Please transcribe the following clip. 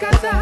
casa